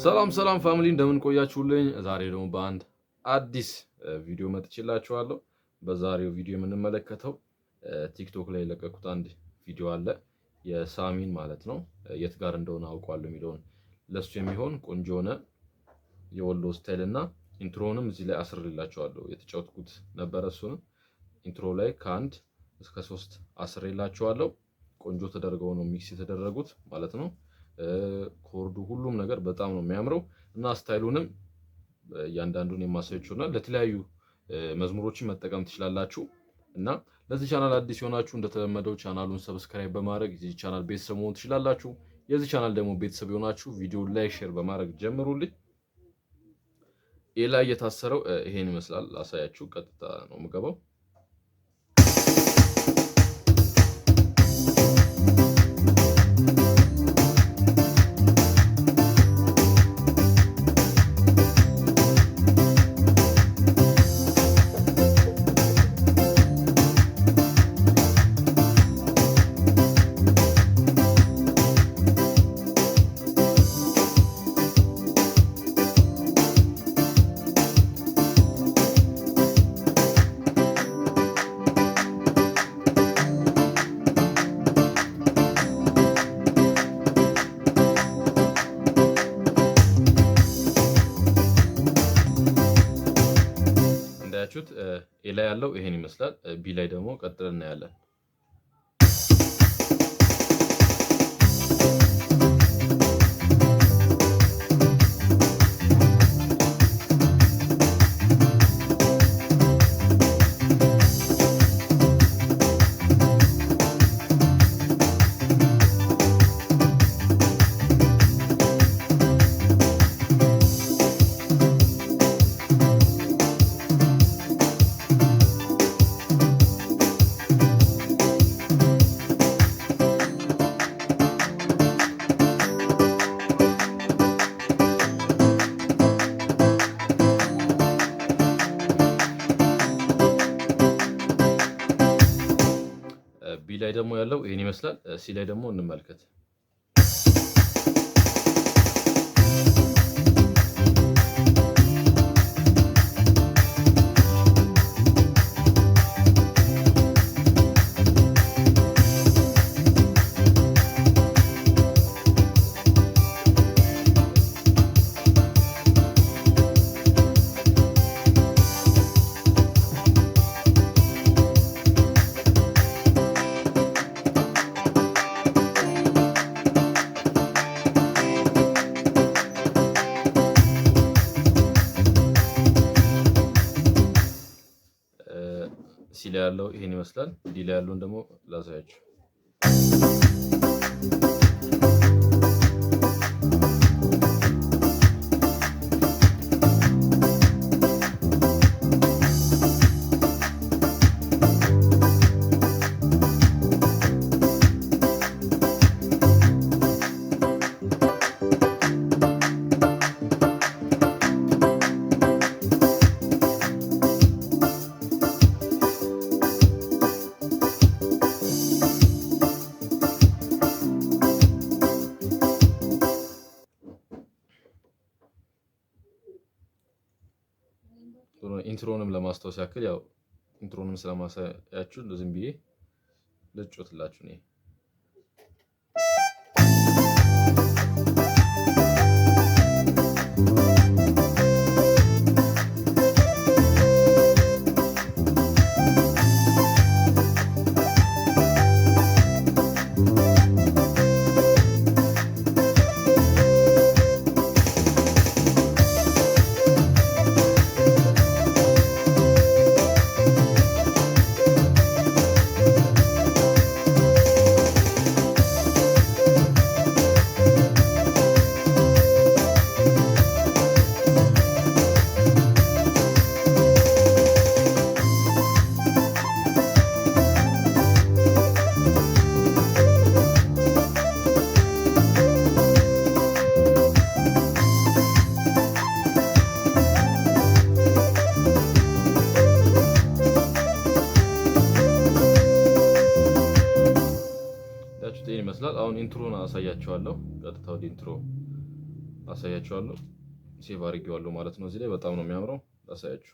ሰላም ሰላም ፋሚሊ እንደምን ቆያችሁልኝ? ዛሬ ደግሞ በአንድ አዲስ ቪዲዮ መጥቼላችኋለሁ። በዛሬው ቪዲዮ የምንመለከተው ቲክቶክ ላይ የለቀኩት አንድ ቪዲዮ አለ የሳሚን ማለት ነው የት ጋር እንደሆነ አውቋለሁ የሚለውን ለሱ የሚሆን ቆንጆ የሆነ የወሎ ስታይል እና ኢንትሮውንም እዚህ ላይ አስርላችኋለሁ። የተጫወትኩት ነበረ። እሱንም ኢንትሮ ላይ ከአንድ እስከ ሶስት አስርላችኋለሁ። ቆንጆ ተደርገው ነው ሚክስ የተደረጉት ማለት ነው። ኮርዱ፣ ሁሉም ነገር በጣም ነው የሚያምረው እና ስታይሉንም እያንዳንዱን የማሳያችሁ ይሆናል። ለተለያዩ መዝሙሮችን መጠቀም ትችላላችሁ እና ለዚህ ቻናል አዲስ የሆናችሁ እንደተለመደው ቻናሉን ሰብስክራይብ በማድረግ የዚህ ቻናል ቤተሰብ መሆን ትችላላችሁ። የዚህ ቻናል ደግሞ ቤተሰብ የሆናችሁ ቪዲዮ ላይ ሼር በማድረግ ጀምሩልኝ። ይህ ላይ የታሰረው ይሄን ይመስላል። ላሳያችሁ፣ ቀጥታ ነው የምገባው። እንዳያችሁት ኤ ላይ ያለው ይሄን ይመስላል። ቢ ላይ ደግሞ ቀጥለን እናያለን። ላይ ደግሞ ያለው ይህን ይመስላል። ሲ ላይ ደግሞ እንመልከት። ላይ ያለው ይሄን ይመስላል። ዲ ላይ ያለውን ደግሞ ላሳያችሁ። ኢንትሮንም ለማስታወስ ያክል ያው ኢንትሮንም ስለማሳያችሁ ዝም ብዬ ልጮትላችሁ ነው። አሁን ኢንትሮን አሳያቸዋለሁ ቀጥታ ወደ ኢንትሮ አሳያቸዋለሁ። ሴቭ አድርጌዋለሁ ማለት ነው። እዚህ ላይ በጣም ነው የሚያምረው። አሳያችሁ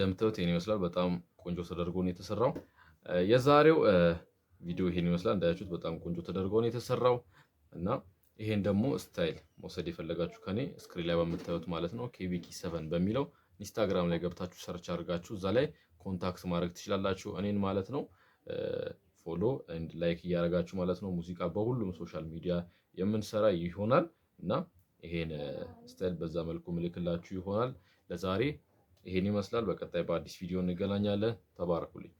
እንደምታዩት ይህን ይመስላል። በጣም ቆንጆ ተደርጎ ነው የተሰራው። የዛሬው ቪዲዮ ይህን ይመስላል። እንዳያችሁት በጣም ቆንጆ ተደርጎ ነው የተሰራው እና ይሄን ደግሞ ስታይል መውሰድ የፈለጋችሁ ከኔ ስክሪን ላይ በምታዩት ማለት ነው ኬቪኪ ሰቨን በሚለው ኢንስታግራም ላይ ገብታችሁ ሰርች አድርጋችሁ እዛ ላይ ኮንታክት ማድረግ ትችላላችሁ። እኔን ማለት ነው ፎሎ ኤንድ ላይክ እያደረጋችሁ ማለት ነው። ሙዚቃ በሁሉም ሶሻል ሚዲያ የምንሰራ ይሆናል እና ይሄን ስታይል በዛ መልኩ ምልክላችሁ ይሆናል ለዛሬ ይሄን ይመስላል። በቀጣይ በአዲስ ቪዲዮ እንገናኛለን። ተባረኩልኝ።